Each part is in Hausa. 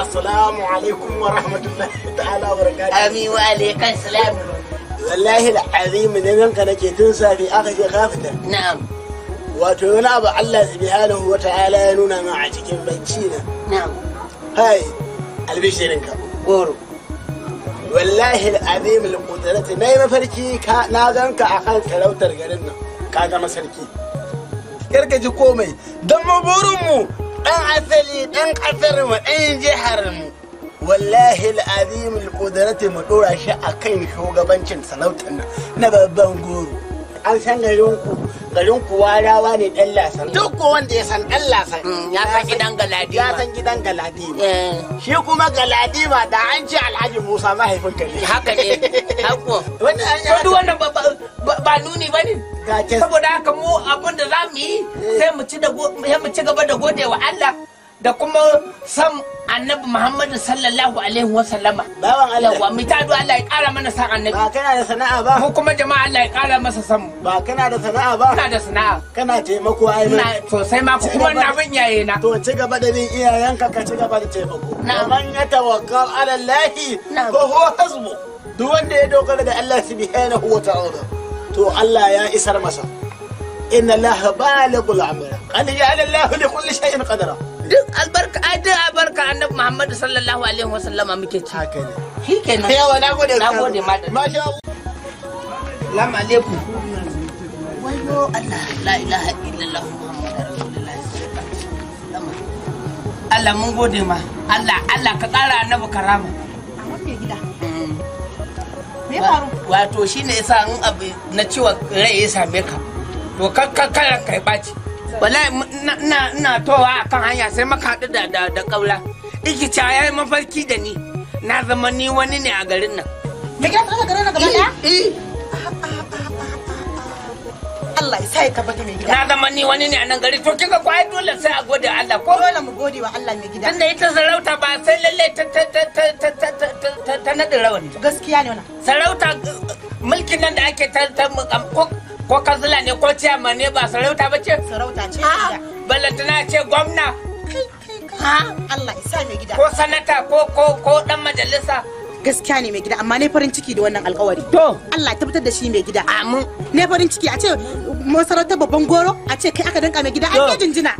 السلام عليكم ورحمة الله تعالى وبركاته أمي وعليكم السلام والله العظيم إن يومك تنسى في آخر خافته نعم wato wani abu Allah subhanahu wa ta'ala ya nuna min albishirinka goro wallahi al'azim al-qudrati nayi mafarki ka na ganka akan sarautar garin nan ka ga masarki kirka ji komai dan maburin mu dan asali dan kasar mu dan jihar mu wallahi al'azim al-qudrati mu dora shi akan shugabancin sarautar na babban goro an san garin ku garin ku warawa ne dan lasan duk ko wanda ya san dan lasan mm, ya san gidan galadi ya san gidan galadi eh. shi kuma galadi ma da an ce alhaji musa mahaifin gari haka ne hako wannan duk wannan ba nuni ba ne saboda haka mu abin da za mu yi eh. sai mu ci gaba da gode wa Allah da kuma san annabi muhammadu sallallahu alaihi wa sallama bawan allah wa mita ta allah ya kara mana san annabi ba kana da sana'a ba mu kuma jama'a allah ya kara masa san mu ba kana da sana'a ba kana da sana'a kana taimako ai na sai ma ku kuma na bin yaye na to ci gaba da bin iyayenka ka ci gaba da taimako na man ya tawakkal ala allahi fa huwa hasbu duk wanda ya dogara da allah subhanahu wa ta'ala to allah ya isar masa inna allaha baligh al-amr qad ja'ala allahu li kulli shay'in qadara Muhammadu sallallahu alaihi wasallama muke ci. Haka ne. Shi kenan. Yawa na gode. Na gode madalla. Masha Allah. lam alaikum. Wayo Allah la ilaha illallah Allah mun gode ma. Allah Allah ka tsara annabi karama. gida. Mm. Me faru? Wato shine yasa in abu na ciwa rai ya same ka. To kakkan kai ɓaci. wallahi ina towa akan hanya sai maka haɗu da da kaula Iki ya mafarki da ni, na zama ni wani ne a garin nan. Da ka tsara garin nan gaba ɗaya? Eh, eh. Allah ya sa ya tabbata mai gida. Na zama ni wani ne a nan gari to kika ko ai dole sai a gode Allah ko dole mu gode wa Allah mai gida. Tunda ita sarauta ba sai lalle ta ta ta ta ta ta ta ta ta ta rawani. Gaskiya ne wannan. Sarauta uh, uh, mulkin nan da ake ta ta ko ko kanzila ne ko ciyama ne ba sarauta ba ce? Sarauta ce. A'a. tana ce gwamna. ha Allah isa mai gida ko sanata ko ko ko dan majalisa gaskiya ne mai gida amma ne farin ciki da wannan alkawari to Allah tabbatar da shi mai gida amin ne farin ciki a ce masarautar babban goro a ce kai aka danka mai gida an yi jinjina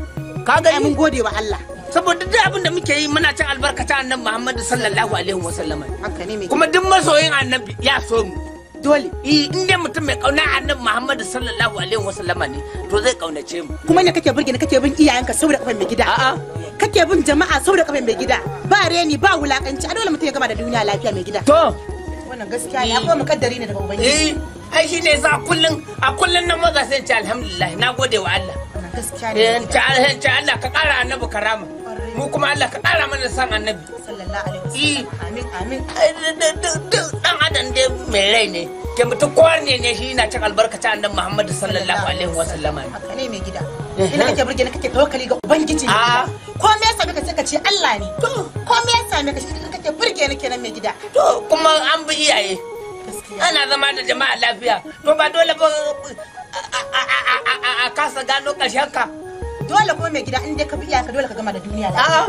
ka ga mun gode wa Allah saboda duk abin da muke yi muna cin albarkata annabi Muhammad sallallahu alaihi wasallam haka ne mai kuma duk masoyin annabi ya so mu dole eh in mutum mai kauna annabi Muhammad sallallahu alaihi wasallam ne to zai kaunace mu kuma ne kake burge ne kake bin iyayenka saboda kafin mai gida a'a kake bin jama'a sau da mai gida ba reni ba wulakanci a dole mutum ya gama da duniya lafiya mai gida to wannan gaskiya ne akwai mukaddari ne daga ubangiji eh, ai shine za kullun a kullun nan maza sai ce alhamdulillah nagode wa Allah gaskiya ne ta eh, Allah ka kara annabi karama mu kuma Allah ka kara mana san annabi sallallahu alaihi wasallam eh. amin amin dan adam dai mai rai ne ke mutu kwarne ne ne shi na cin albarkaci annan Muhammadu sallallahu alaihi wa sallama ne haka ne mai gida ina kake burge ne kake tawakkali ga ubangiji a ah. ko me yasa kake ka ce Allah ne to ko me yasa me kake burge ne kenan mai gida to kuma an bi iyaye ana zama da jama'a lafiya to ba dole ba a kasa gano ƙarshen ka dole ko mai gida in dai ka bi iyaka dole ka gama da duniya lafiya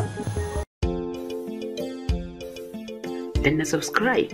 ah. na subscribe